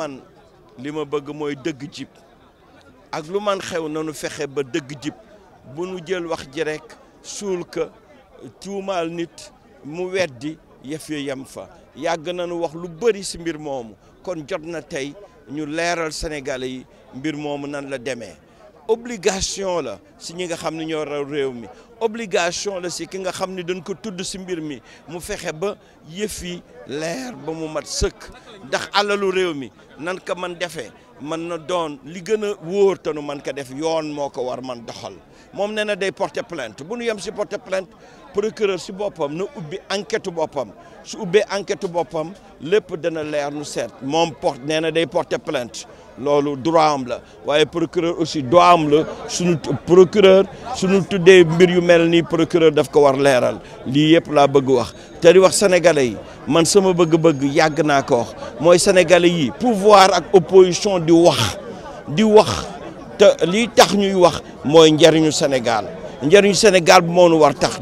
man li ma bëgg mooy dëgg jib ak lu xew nanu fexe ba dëgg jib bu nu jël wax ji rek suul ka tuumaal nit mu weddi yëf yu yam fa yàgg nañu wax lu bari si mbir moomu kon jot na tey ñu leeral Sénégalais yi mbir moomu nan la demee obligation la si nga xamni ñoo obligation la si ki nga xamni dañ ko mbir mi mu ba mu mat ndax alalu nan man man na doon li a tanu man ka def yoon moko war man doxal plainte bu si porter plainte procureur ci bopam na ubbi enquête bopam su enquête bopam lepp dana lèr nu sét mom plainte loolu droit la procureur aussi droit la suñu procureur suñu tuddé mbir yu procureur daf ko war léral sénégalais yi man sama bëgg-bëgg yag ko wax sénégalais pouvoir ak opposition di wax di wax té li tax ñuy wax Sénégal Sénégal bu war tax